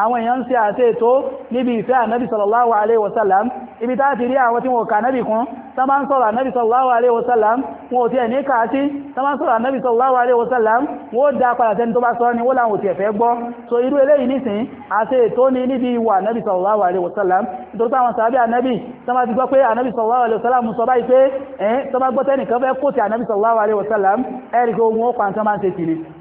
àwọn èèyàn ń ṣe àti ètò níbi ìfẹ́ ànábì sallallahu alaihi wasallam ibi tá ti rí àwọn tí wọ́n kà nábì kún tán bá ń sọ̀rọ̀ ànábì sallallahu alaihi wasallam wọn ò tiẹ̀ ní kàásí tán ń sọ̀rọ̀ ànábì sallallahu alaihi wọ́n dá padà so irú eléyìí nísìn àti ètò ni níbi ìwà ànábì sallallahu alaihi wasallam nítorí pé àwọn sàábì ànábì tán bá ti gbọ́ pé ànábì sallallahu alaihi wasallam sọ báyìí pé ẹ̀ tán bá gbọ́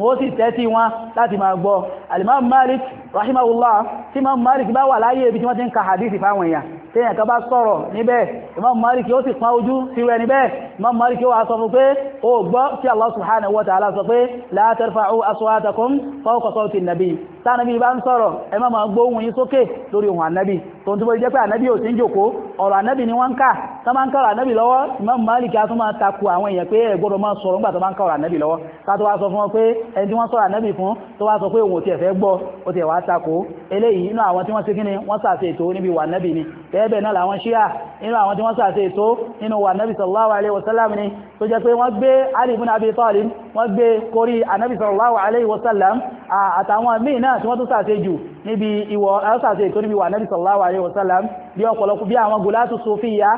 wọ́n sì tẹ́tí wọn láti máa gbọ́ alimam malik rahimahullah tí imam malik bá wà láyé ibi tí wọ́n ti ń ka hadithi fáwọn èèyàn tí èèyàn kan bá sọ̀rọ̀ níbẹ̀ imam malik yóò sì pán ojú sírò ẹni bẹ́ẹ̀ imam malik yóò wá sọ fún pé ó gbọ́ tí allah subhanahu wa ta'ala sọ pé la tarfa'u aswatakum ọ̀rọ̀ ànábì ni wọ́n ń kà tó máa lọ́wọ́ imam malik a tún máa takò àwọn èèyàn pé ẹ máa sọ̀rọ̀ nígbà tó máa ń lọ́wọ́ ká tó wá sọ fún wọn pé ẹni tí wọ́n sọ̀rọ̀ ànábì fún tó wá sọ pé òun ò tiẹ̀ fẹ́ gbọ́ ó tiẹ̀ wá takò eléyìí inú àwọn tí wọ́n ṣe kíni wọ́n sàṣe ètò níbi wà nábì ni bẹ́ẹ̀ náà làwọn ṣíà inú àwọn tí wọ́n sàṣe ètò nínú wà nábì sallallahu alaihi wasallam ni tó jẹ́ pé wọ́n gbé Ali ibn Abi Talib wọ́n sallallahu alaihi wasallam àtàwọn míì náà tí wọ́n tún sàṣe jù níbi ìwọ̀ aláṣàṣe ètò sallallahu alaihi wasallam bí ọ̀pọ̀lọpọ̀ bí àwọn gùlátù sufi ya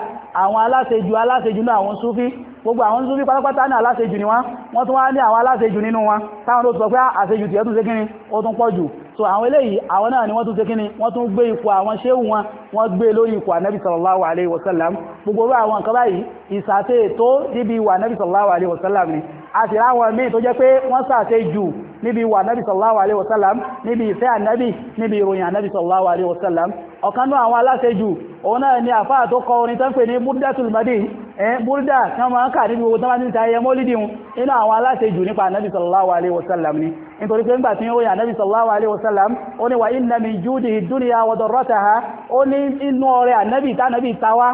àwọn aláṣejù aláṣejù náà sufi gbogbo àwọn zúrí pátápátá ní aláṣejù ni wọ́n wọ́n tún wá ní àwọn aláṣejù nínú wọn táwọn tó sọ pé àṣejù ah, tí ẹ tún ṣe kíni ó tún pọ̀ jù so àwọn eléyìí àwọn náà ni wọ́n tún ṣe kíni wọ́n tún gbé ipò àwọn ṣéhù wọn wọ́n gbé e lórí ipò ànábì sallallahu alaihi wasallam gbogbo orú àwọn nǹkan báyìí ìsàté tó níbi ìwà ànábì sallallahu alaihi wasallam ni a sì ráwọn míì tó jẹ́ pé wọ́n sàté jù níbi ìwà ànábì sallallahu alaihi wasallam níbi ìfẹ́ ànábì níbi ìròyìn ànábì sallallahu alaihi wasallam ọ̀kanú àwọn aláṣẹ́jù òun náà ni àfáà tó kọ orin tán pè ní burdatul madi ẹn burda tán máa ń kà níbi owó tán máa ń ta ẹyẹ mọ́lídìun nínú àwọn aláṣẹ́jù nípa ànábì sallallahu alaihi wasallam ni nítorí pé ńgbà tí ó yà ànábì sallallahu alaihi wasallam ó ní wà inna min judihi dunya wa darrataha ó ní inú ọrẹ ànábì tánábì tawa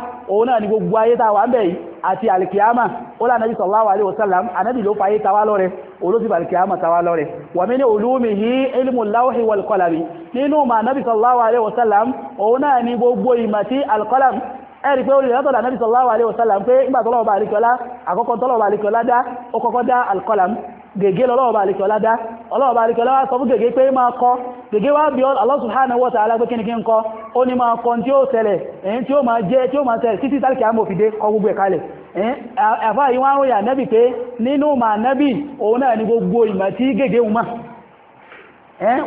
olóṣìbà kí a mọ̀tawà lọ́rẹ̀ wà mí ní olúmihi ilmù láwọ́hì wal qalami nínú ma nábi sallallahu alaihi wasallam òun náà ni gbogbo ìmọ̀ tí alqalam ẹ̀rí pé olè látọ̀dà nábi sallallahu alaihi pé ìgbà tọ́lọ́wọ́ bá àríkọlá gègé lọ́lọ́ọ̀bá àríkẹ́ọlá dá ọlọ́ọ̀bá àríkẹ́ọlá wá sọ fún gègé pé máa kọ gègé wá bí Allah subhanahu wa ta'ala pé kínikí ń kọ ó ní máa kọ tí ó ṣẹlẹ̀ èyí tí ó máa jẹ́ tí ó máa ṣẹlẹ̀ títí tálkì àmòfìdé kọ gbogbo ẹ̀kalẹ̀ ẹ̀fà yìí wá ń ròyìn ànẹ́bì pé nínú mà nẹ́bì òun náà ni gbogbo ìmọ̀ tí gègé ń mà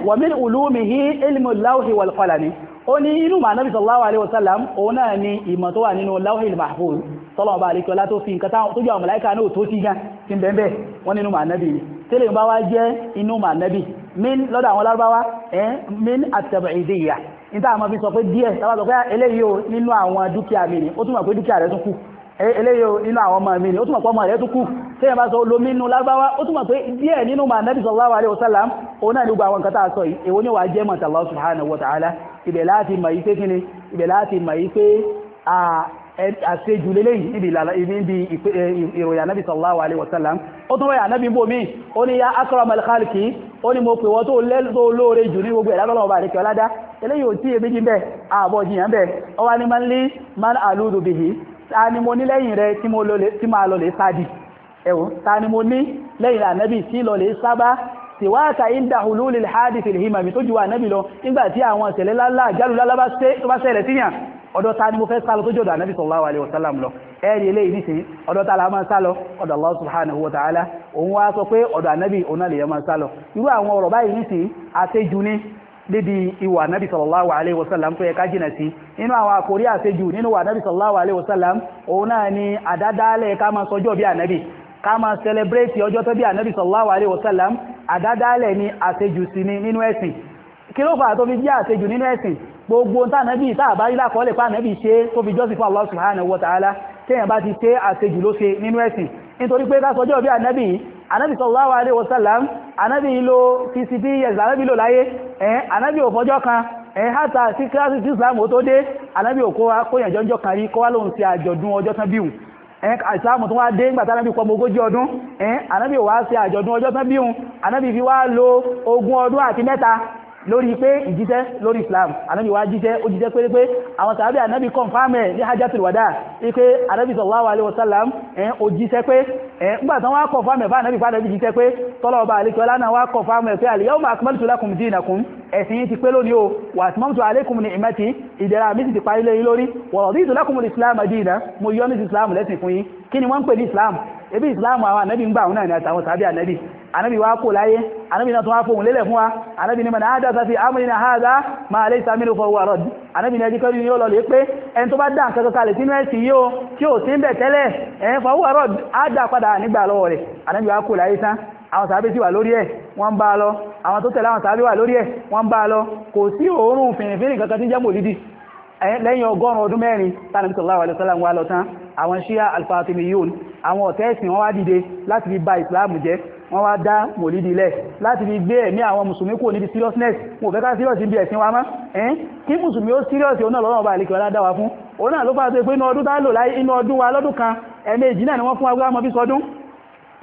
wa min ulumihi tọ́lọ̀ọ̀bá àríkọlá tó fi nǹkan tó jẹ́ ọmọláíkà náà tó ti gan ti bẹ̀ẹ̀bẹ̀ wọ́n nínú màánẹ́bì ni tẹ́lẹ̀ bá wá jẹ́ inú màánẹ́bì min lọ́dọ̀ àwọn lárúbáwá ẹ́n min àtẹ̀bẹ̀ìdìyà ní táàmà fi sọ pé díẹ̀ tàbí sọ pé ah, o nínú àwọn dúkìá mi ni ó túnmọ̀ pé dúkìá rẹ̀ tún o nínú àwọn ọmọ mi ni ó túnmọ̀ pé ọmọ rẹ̀ tún kù tẹ́yìn bá sọ lomi nínú lárúbáwá ó túnmọ̀ pé díẹ̀ nínú màánẹ́bì sallallahu alaihi wasallam òun náà ní gbogbo àwọn nǹkan tá a sọ yìí èwo ni wàá láti mọ̀ yí kíni ibẹ̀ láti mọ̀ yí àṣejù lélẹ́yìn níbi ìròyìn anábì sallallahu alaihi wasallam ó tún wáyé anábì bò mí ó ní ya akramal khalqi ó ní mo pè wọ́n tó lẹ́lọ́ lóore jù ní gbogbo ẹ̀lọ́lọ́ ọba àríkẹ́ ọládá eléyìí ò tí ebéjì bẹ́ẹ̀ ààbọ̀ jìyàn bẹ́ẹ̀ ó wá ní man man aludu bihi ta ni mo ní lẹ́yìn rẹ tí máa lọ lè sáàdì ẹ̀wọ̀n ni mo ní lẹ́yìn anábì tí lọ lè síwáàkà inda hululil hadithil himami tó juwa nábi lọ nígbàtí àwọn ìṣẹ̀lẹ̀ lálá jálùlálá bá ṣẹlẹ̀ síyàn ọ̀dọ̀ ta ni mo fẹ́ sálọ tó jọ̀dọ̀ ànábì sallallahu alaihi wasallam lọ ẹ̀rì eléyìí ní sí ọ̀dọ̀ ta la máa sálọ ọ̀dọ̀ Allah subhanahu wa ta'ala òun wá sọ pé ọ̀dọ̀ ànábì òun náà lè máa sálọ irú àwọn ọ̀rọ̀ báyìí ní sí àtẹ́jú ní níbi ìwà nábì sallallahu alaihi wasallam tó yẹ ká jìnà sí inú àwọn àkórí àtẹ́jú nínú wà nábì sallallahu alaihi wasallam òun náà ni àdádálẹ̀ ká máa sọjọ́ bí ànábì ká máa celebrate ọjọ́ tó bí ànábì sallallahu alaihi wasallam àdádálẹ̀ ni àṣejù sí ni nínú ẹ̀sìn kí ló fà tó fi jẹ́ àṣejù nínú ẹ̀sìn gbogbo tánàbí tààbárí lákọọ́lẹ̀ pàánàbí ṣe tó fi jọ́sìn fún Allah subhanahu wa ta'ala kéèyàn bá ti ṣe àṣejù ló ṣe sallallahu alaihi wasallam ànábì lo ccp yẹ̀sì ànábì lò láyé ẹ̀hẹ́n ànábì ò fọjọ́ kan ẹ̀hẹ́n hátà sí kíláàsì tí Islam ó tó dé ànábì ò kó wa àìsàmù tó wá dé ń gbàtà náàbí pọmọ ogójì ọdún ẹn ànábì wá sí àjọ̀dún ọjọ́ tán bí un ànábì fi wá lo ogún ọdún àti mẹ́ta lórí pé ìjíṣẹ́ lórí islam anábi wá jíṣẹ́ ó jíṣẹ́ pérépé àwọn tàbí anábi kọ̀nfàmẹ̀ ní hajjatul wada wípé anábi sallallahu alaihi wasallam ẹn ó jíṣẹ́ pé ẹn gbàtán wá kọ̀nfàmẹ̀ fún anábi fàdàbí jíṣẹ́ pé tọ́lọ̀ọba àlekọ́lá náà wá kọ̀nfàmẹ̀ pé al-yawma akmaltu lakum dinakum ẹ̀sìn ti pé lónìí o wa atmamtu alaykum ni'mati ìdẹ̀ra mi sì ti parí lé lórí wa raditu lakumul islam dina mo yọ́ ní islam lẹ́sìn fún yín kí ni wọ́n ń pè ní islam ebi islam àwọn ànábì ń gbà àwọn náà ni àtàwọn tàbí ànábì anábi wá kò láyé anábi náà tún wá fóhun lélẹ̀ fún wa anábi ni mọ̀nà àádọ́ta fi amúrìnà àádá máa lè sàmìnú fọwọ́ àrọ̀dì anábi ni ẹjíkọ́ ni yóò lọ lè pé ẹn tó bá dá nǹkan kalẹ̀ sínú ẹ̀sìn yóò tí ò sí ń bẹ̀ tẹ́lẹ̀ ẹ̀yìn fọwọ́ àrọ̀dì á dá padà nígbà lọ́wọ́ rẹ̀ anábi wá kò láyé tán àwọn sàábé sì wà lórí ẹ̀ wọ́n bá lọ àwọn tó tẹ̀lé àwọn sàábé wà lórí ẹ̀ wọ́n bá lọ kò sí òórùn fìrìfìrì kankan tí jẹ́ mòlídì lẹ́yìn ọgọ́rùn ọdún mẹ́rin tánàbí sallallahu alaihi wasallam wà lọ tán àwọn ṣíà alfatimiyun àwọn ọ̀tẹ́ẹ̀sìn wọ́n wá dìde láti fi ba ìsìláàmù jẹ́ wọ́n wá dá mòlídìí lẹ̀ láti fi gbé ẹ̀mí àwọn mùsùlùmí kò níbi seriousness mo fẹ́ ká serious bí ẹ̀sìn wa mọ́ ẹ́n kí mùsùlùmí ó serious òun náà lọ́wọ́ ọba àlekè ọlá dá wa fún òun náà ló bá tó pé inú ọdún tá lò láì inú ọdún wa lọ́dún kan ẹ̀mẹ́jì náà ni wọ́n fún wa gbé bí sọdún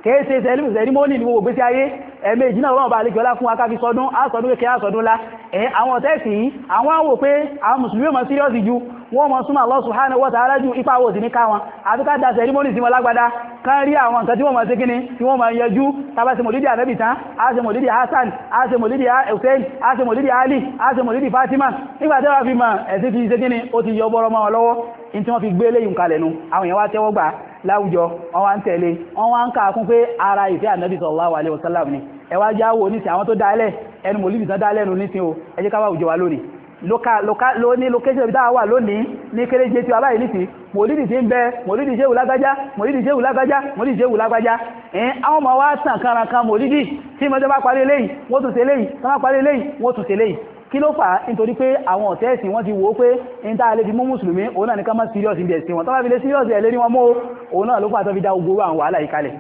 kèése sẹ́rímónì ní gbogbo gbésí ayé ẹ̀mẹ́jì náà wọ́n bá lè jọlá fún akáfi sọdún àsọdún kékeré àsọdún lá ẹ̀ àwọn ọ̀tẹ́sì àwọn àwò pé àwọn mùsùlùmí mọ̀ síríọ́sì ju wọ́n mọ̀ súnmọ́ Allah subhanahu wa ta'ala ju ipa wo sí ní káwọn àti ká da sẹ́rímónì sí wọn lágbádá kan rí àwọn nǹkan tí wọ́n mọ̀ sí kíni tí wọ́n mọ̀ yẹjú tàbá sí mòlídìí ànábì tán a sì mòlídìí Hassan a sì mòlídìí Hussein a sì mòlídìí Ali a sì mòlídìí Fatima nígbà tí wọ́n fi mọ̀ ẹ̀sìn ti ṣe kíni ó ti yọ bọ́rọ̀ mọ́ wọn lọ́wọ́ in tí wọ́n fi gbé léyìn kalẹ̀ nu àwọn èèyàn wá tẹ́wọ́ gbà láwùjọ wọ́n wá ń tẹ̀lé wọ́n wá ń kà kún pé ara ìfẹ́ ànábì sallallahu alaihi wasallam ni ẹ wá jáwọ́ nísìn àwọn tó dálẹ̀ ẹnu mòlíbì tán dálẹ̀ nu nísìn o ẹ jẹ́ ká wá wa lónìí ní location ìbídá wà lónìí ní kéréje tí wà báyìí nìsí mòlídì tí ń bẹ mòlídì ṣéwù lágbájá mòlídì ṣéwù lágbájá mòlídì ṣéwù lágbájá ẹ̀yìn àwọn ọmọ wa sàn kanrankan mòlídì tí mọ́jọ́ bá parí eléyìí wọ́n tún ṣe kí ló fà nítorí pé àwọn ọ̀tẹ́ ẹ̀sìn wọ́n ti wò ó pé ní tá a lè fi mú mùsùlùmí òun náà ní ká má serious ibi ẹ̀sìn wọn tó bá fi lè serious ẹ̀ lérí wọn mọ́ òun náà ló fà tó fi dá ogbó àwọn wàhálà yìí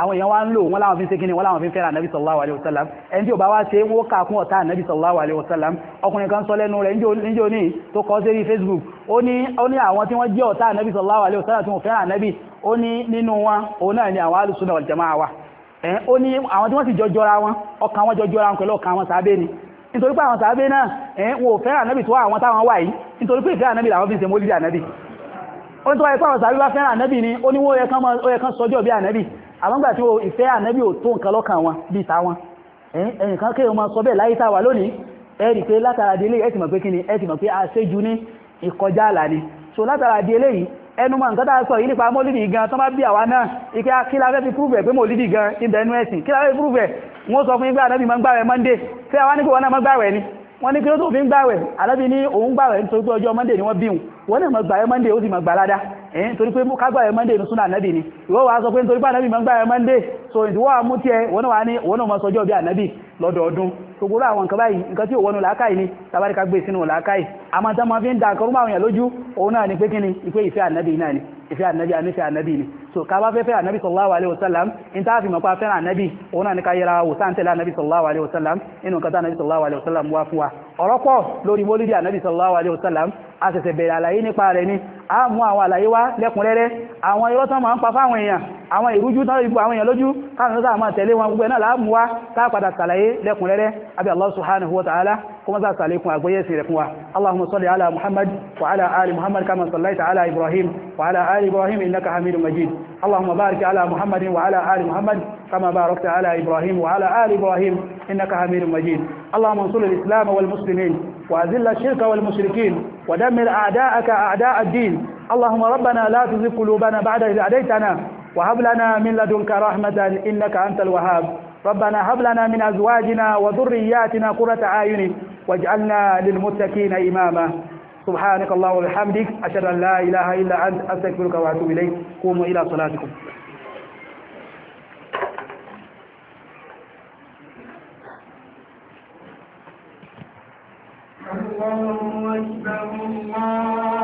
àwọn èèyàn wá ń lò wọ́n láwọn fi ń sékíní wọ́n láwọn fi ń fẹ́ràn ànábì sallallahu alaihi wasallam ẹni tí ò bá wá ṣe wọ́n kà kún ọ̀tá ànábì sallallahu alaihi wasallam ọkùnrin kan sọ lẹ́nu rẹ̀ níjó ní tó kọ sí Facebook ó ní àwọn tí wọ́n jẹ́ ọ̀tá ànábì sallallahu alaihi wasallam tí wọ́n fẹ́ràn ànábì ó ní nínú wọn òun náà ni àwọn alùsùn náà wal jamaa wa ó ní àwọn tí wọ́n sì jọjọra wọn ọkàn wọn jọjọra wọn pẹ̀lú ọkàn wọn sábẹ́ ni nítorí pé àwọn sàábé náà ẹ̀yìn wò fẹ́ ànábì tó àwọn táwọn wà yìí nítorí pé ìfẹ́ ànábì làwọn fi ń ṣe mólídì ànábì ó ní tó wáyé pé àwọn sàábé bá fẹ́ràn ànábì ni ó ní wọ́n yẹ kán sọjọ́ bí ànábì àwọn gbà tí ó ìfẹ́ ànábì ò tó nǹkan lọ́kàn wọn bí táwọn ẹ̀yìn kan kéèyàn máa sọ bẹ́ẹ̀ láyé táwa lónìí ẹ rí pé látara di eléyìí ẹ ti mọ̀ pé kíni ẹ ti mọ̀ pé àṣejù ní ìkọjá àlà ni so látara di eléyìí ẹnu mọ̀ nǹkan tá a sọ yìí nípa mólídì gan tó bá bí àwa náà ike kí la fẹ́ fi púrúfẹ̀ pé mólídì gan ibẹ̀ ẹnu ẹ̀sìn kí la fẹ́ fi púrúfẹ̀ wọ́n sọ fún igbá ànábì ma ń gbàwẹ̀ monday tí a wá ní kí wọ́n náà ma gbàwẹ̀ ni wọ́n ní kí ló tó fi ń gbàwẹ̀ ànábì ní òun gbàwẹ̀ nítorí pé ọjọ́ monday ni wọ́n bí wọ́n náà ma gbàwẹ̀ monday ó sì ma gbàládá ẹ̀yìn torí pé ká gbàwẹ̀ monday ní súnà ànábì ni ìwọ wá sọ pé nítorí pé ànábì ma gbàwẹ̀ monday so ìdíwọ́ àmú tiẹ̀ wọ́n wá ní wọ́n náà ma sọjọ́ bí ànábì lọ́dọọdún gbogbo àwọn nǹkan báyìí nǹkan tí ò wọnú làákàyè ni tàbáríkà gbé sínú làákàyè àmọ́ tá máa fi ń da nǹkan rúmọ̀ àwọn èèyàn lójú òun náà ni pé kí ni ìpé ìfẹ́ ànábì náà ni ìfẹ́ ànábì ànífẹ́ ànábì ni so ká bá fẹ́fẹ́ ànábì sallallahu alaihi wasallam in ta fi mọ̀pá fẹ́ràn ànábì òun náà ní ká yẹra wò sáà ń tẹ̀lé ànábì sallallahu alaihi wasallam inú nǹkan ànábì sallallahu alaihi wasallam wá fún wa ọ̀rọ̀ lórí mólídì ànábì sallallahu alaihi wasallam a ṣẹ̀ṣẹ̀ bẹ̀rẹ̀ àlàyé nípa rẹ̀ ni a mú àwọn àlàyé wá lẹ́kùnrẹ́rẹ́ àwọn irọ́ tán máa ń pa fáwọn èèyàn àwọn ìrújú tán ìbò àwọn èèyàn lójú káàkiri sáà máa tẹ̀lé wọn gbogbo náà láàmú wá tá a padà ṣàlàyé lẹ́kùnrẹ́rẹ́ àbí Allah subhanahu wa ta'ala kuma za su kuma goye su da kuma Allahumma salli ala Muhammad wa ala ali Muhammad kama sallaita ala Ibrahim wa ala ali Ibrahim innaka Hamidum Majid Allahumma barik ala Muhammad wa ala ali Muhammad kama barakta ala Ibrahim wa ala ali Ibrahim innaka Hamidum Majid Allahumma ansur al-Islam wal muslimin wa azil ash-shirk wal والمسلمين wa damir a'da'aka a'da' ad-din Allahumma rabbana la tuzigh qulubana ba'da idh hadaytana wa hab lana min ladunka rahmatan innaka antal wahhab ربنا هب لنا من أزواجنا وذرياتنا قرة أعين واجعلنا للمتقين إماما سبحانك اللهم وبحمدك أشهد أن لا إله إلا أنت أستغفرك وأتوب إليك قوموا إلى صلاتكم الله أكبر الله